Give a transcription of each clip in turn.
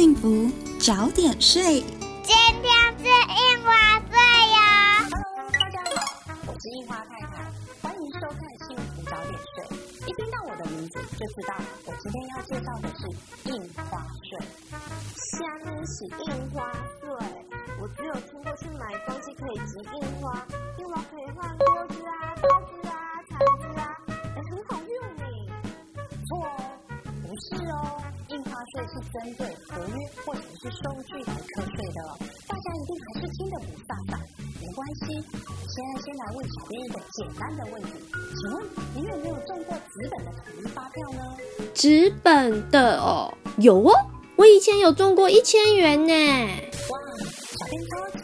幸福，找點稅。今天是印花稅呀、哦！Hello, 大家好，我是印花太太，歡迎收看《幸福找點稅》。一聽到我的名字，就知道我今天要介紹的是印花稅。想起印花稅，我只有聽過去買東西可以集印花，印花可以換鍋。稅是針對合約或者是收據來扣稅的，大家一定還是聽得不大懂吧，沒關係。我現在先來問小編一個簡單的問題，請問你有沒有中過紙本的統一發票呢？紙本的哦，有哦，我以前有中過一千元呢。哇，小編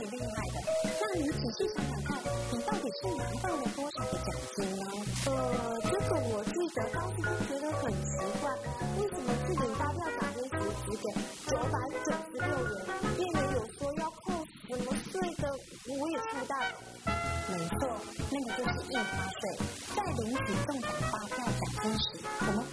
那個就是印花稅，在領取中獎發票獎金時，我 們，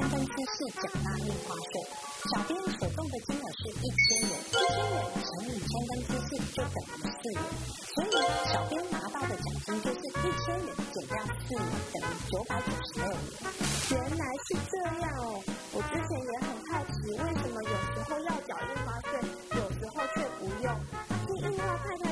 千分之四繳納印花稅，小編所中的金額是一千元，一千元乘以千分之四就等於四元，所以小編拿到的獎金就是一千元減掉四元等於九百九十六元。原來是這樣哦，我之前也很好奇，為什麼有時候要繳印花稅，有時候卻不用？印花太太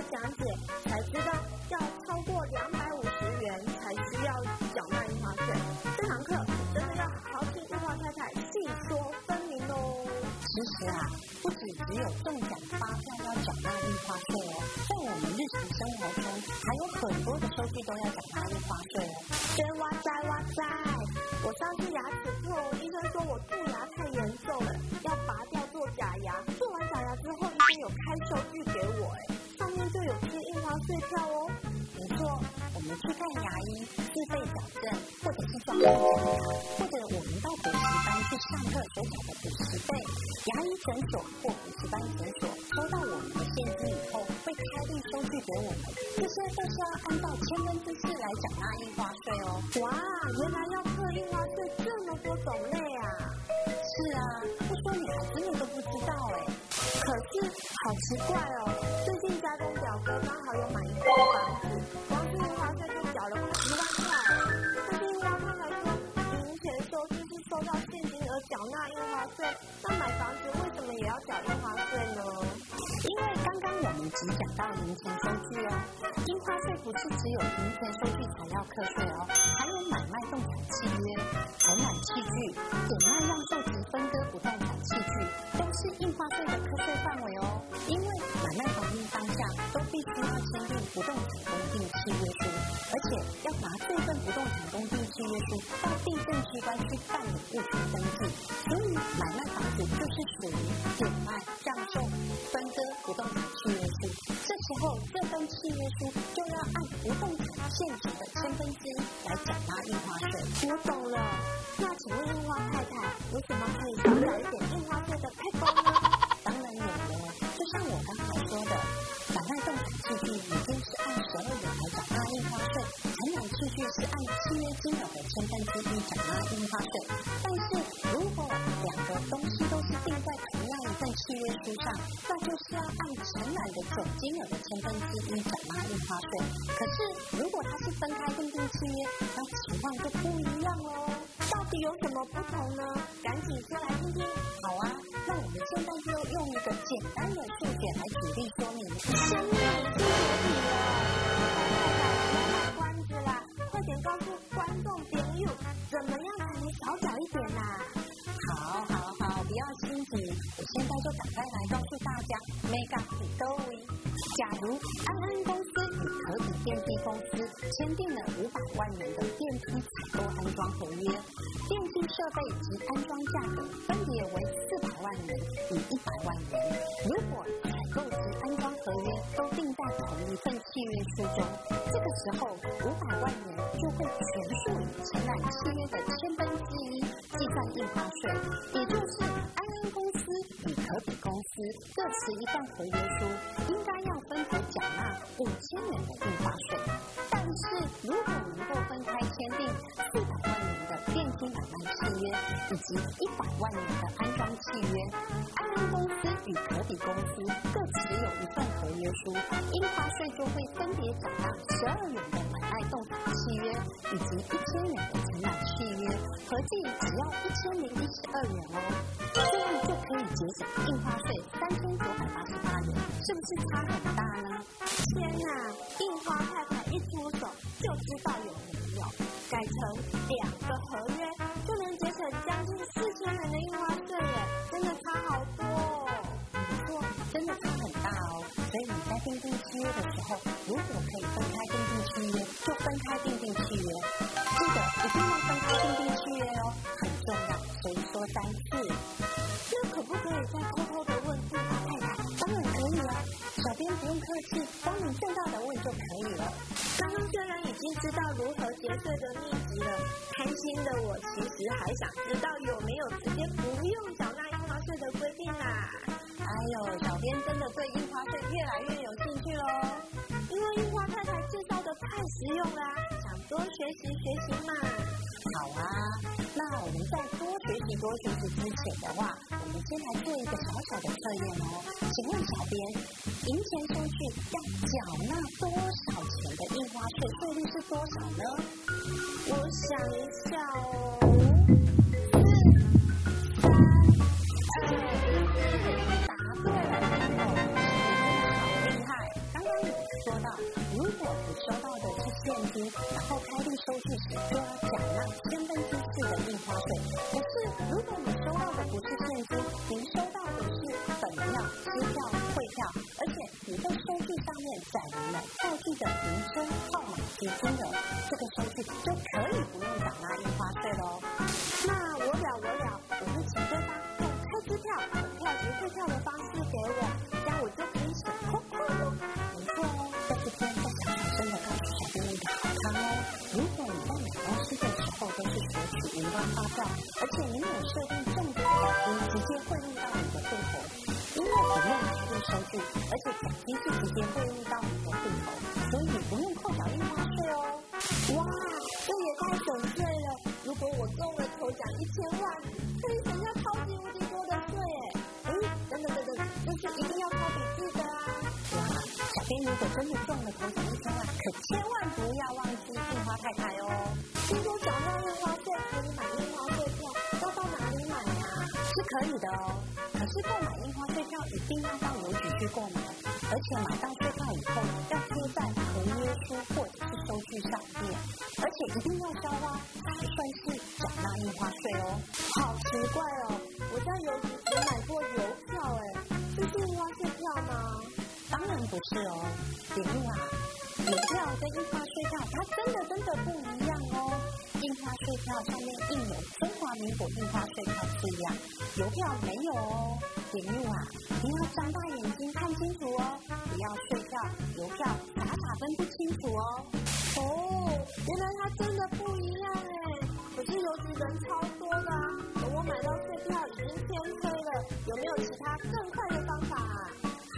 也有中獎發票要繳納印花稅哦，在我們日常生活中還有很多的收據都要繳納印花稅哦。先哇塞哇塞，我上次牙齒痛，醫生說我蛀牙太嚴重了，要拔掉做假牙。做完假牙之後，醫生有開收據給我哎，上面就有貼印花稅票哦。沒錯，我們去看牙醫自費矯正，或者是裝門牙，或者我們到補習班去上課所繳的補習費牙醫診所，這是要按照千分之四來繳納印花稅哦。哇，原來要課印花稅這麼多種類啊！是啊，不說你還真的都不知道哎、欸。可是好奇怪哦、喔，最近家中表哥剛好有買一棟房子，光是印花稅就繳了五十萬塊。最近加工來說，銀錢收據就是收到現金而繳納印花稅。只講到銀錢收據哦，印花稅不是只有銀錢收據才要課稅哦，還有買賣動產契約、承攬契據、典賣讓受及分割不動產契據，都是印花稅的課稅範圍哦。因為買賣房屋當下都必須要簽訂不動產登記契約書，而且要拿這份不動產登記契約書到地政機關去辦理物權登記，所以買賣房子就是屬於典賣讓受分割不動產這份契約書就要按不動產現值的千分之一來繳納印花稅。我懂了，那請問印花太太，有什麼可以少繳一點印花稅的開額呢？ 當然有了，就像我剛才說的，買賣動產契據已經是按十二元來繳納印花稅，承攬契據是按契約金額的千分之一繳納印花稅。但是如果我們兩個東西都是定在。契約書上，那就是要按承攬的總金額的千分之一繳納印花稅。可是，如果它是分開訂定契約，那情況就不一樣嘍、哦。到底有什麼不同呢？趕緊先來聽聽。好啊，那我們現在就用一個簡單的數學來舉例說明。生命、做不起了，太慘了，要賣關子啦！快點告訴觀眾朋友，怎麼樣才能少繳一點啦、啊？打開來，來告訴大家，Mega P D O 假如安安公司與可比電梯公司簽訂了五百萬元的電梯採購安裝合約，電梯設備及安裝價格分別為四百萬元與一百萬元。如果採購及安裝合約都訂在同一份契約書中，這個時候五百萬元就會全數以承攬契約的千分之一計算印花稅，也就是安安公與可比公司各持一份合約書，應該要分別繳納五千元的印花稅。但是如果能夠分開簽訂四百萬元的電梯買賣契約以及一百萬元的安裝契約，安安公司與可比公司各持有一份合約書，印花稅就會分別繳納十二元的買賣動產契約以及一千元的承攬契約，合計只要一千零一十二元哦。印花稅三千九百八十八元，是不是差很大呢？天吶、啊，印花太太一出手就知道有沒有，改成兩個合約就能節省將近四千元的印花稅耶，真的差好多哦。不錯，真的差很大哦，所以你在訂定契約的時候，如果可以分開訂定契約，就分開訂定契約。記得一定要分開訂定契約哦，很重要，所以說單。稅的祕籍了，貪心的我其實還想知道有沒有直接不用繳納印花稅的規定啦、啊。哎呦，小編真的對印花稅越來越有興趣嘍、哦，因為印花太太介紹的太實用啦，想多學習學習嘛。好啊，那我們再多學習多學習之前的話，我們先來做一個小小的測驗哦。請問小編？銀錢收據要繳納多少錢的印花稅？稅率是多少呢？我想一下哦，四、三、二、一，答對了哦，小朋友好厲害！剛剛你說到，如果你收到的是現金，然後開立收據時，就要繳納千分之四的印花稅。就可以不用繳納印花稅嘍。那我了我了，我會請對方用開支票、本票及匯票的方式給我，那我就可以省鈔票嘍。沒錯哦，在這邊要小聲的告訴小朋友們哦，如果你在買東西的時候都是索取雲端發票，而且你有設定正確的獎金直接匯入到你的戶口，因為不用實體收據，而且獎金是直接匯入到你的戶口，所以。真的中了頭獎一千萬，可千萬不要忘記印花太太哦。今天繳納印花稅可以買印花稅票，要到哪裡買呀、啊？是可以的哦，可是購買印花稅票一定要到郵局去購買，而且買到稅票以後要貼在合約書或者是收據上面，而且一定要銷花才算是繳納印花稅哦。好奇怪哦，我在有。不是哦，點入啊，郵票跟印花稅票它真的真的不一樣哦。印花稅票上面印有中華民國印花稅票字樣，郵票沒有哦。點入啊，你要睜大眼睛看清楚哦，不要稅票郵票傻傻分不清楚哦。哦，原來它真的不一樣哎。可是郵局人超多的，等我買到稅票已經天黑了，有沒有其他更快的方法啊？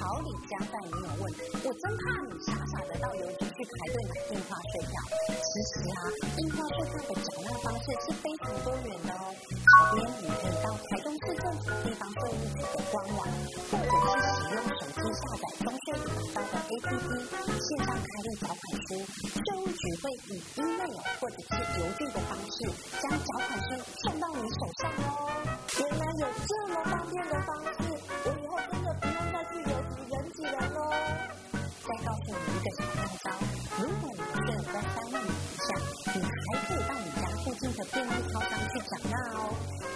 好李家。朋友問我真怕你傻傻的到郵局去排隊買印花稅票。其實啊，印花稅票的繳納方式是非常多元的哦。小編，你可以到台中市政府地方稅務局的官網，或者是使用手機下載中稅局台的 APP。小刀，如果你的稅在三萬以下，你還可以到你家附近的便利超商去繳納哦，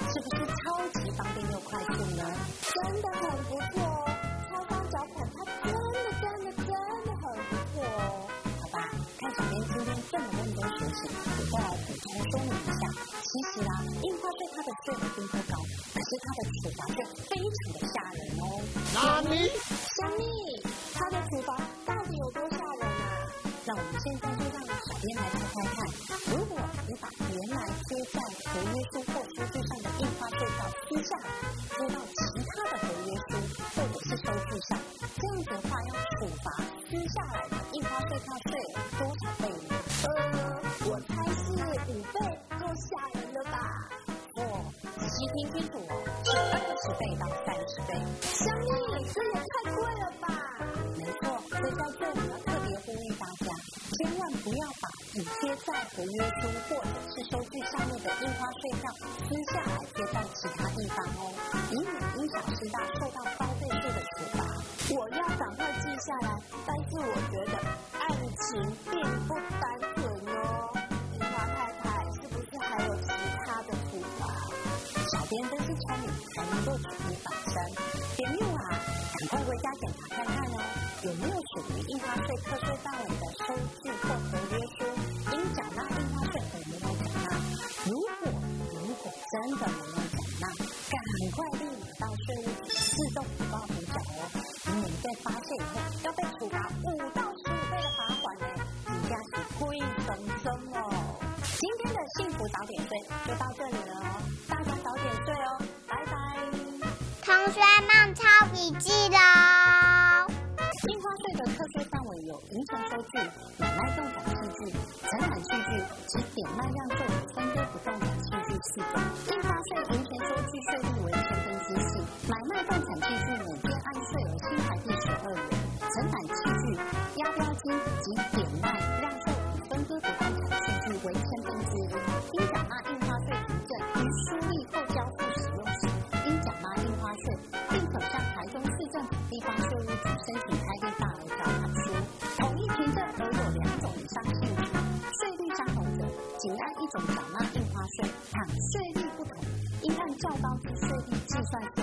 是不是超級方便又快速呢？真的很不錯哦，超商找款，它真的真的真的很不錯哦。好吧，看小編今天這麼認真學習，我再來補充說明一下。其實啊，印花稅它的稅率並不高，可是它的處罰卻非常的嚇人哦。哪裡？蝦米，它的處罰。印花稅、契稅多少倍呢？呃、哦，我猜是五倍，夠嚇人的吧？哦，仔細聽清楚哦，是二十倍到三十倍。小麗是，這也太貴了吧？沒錯，所以在這裡要特別呼籲大家，千萬不要把補貼在合約書或者是收據上面的印花稅票撕下來貼在其他地方哦，以免因小失大。並不單純哦，印花太太是不是還有其他的圖啊？小編都是聰明，能夠舉一反三。冰友啊，趕快回家檢查看看哦，有沒有屬於印花稅、睡客睡？買賣動產數據、財產數據及典賣讓受分割不動產數據之中，印花稅、營業稅、契稅。校方應稅率計算稅，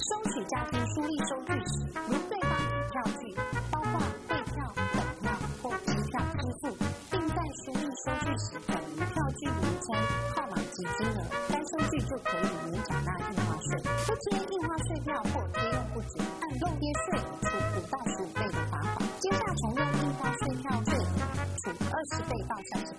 收取家庭書面收據時，如對方憑票據，包括匯票、本票或支票支付，並在書面收據時等於票據名稱、號碼及金額，該收據就可以免繳納印花稅。不貼印花稅票或貼用不足，按漏貼稅處五到十五倍罰款；接下從用印花稅票者，處二十倍到三十。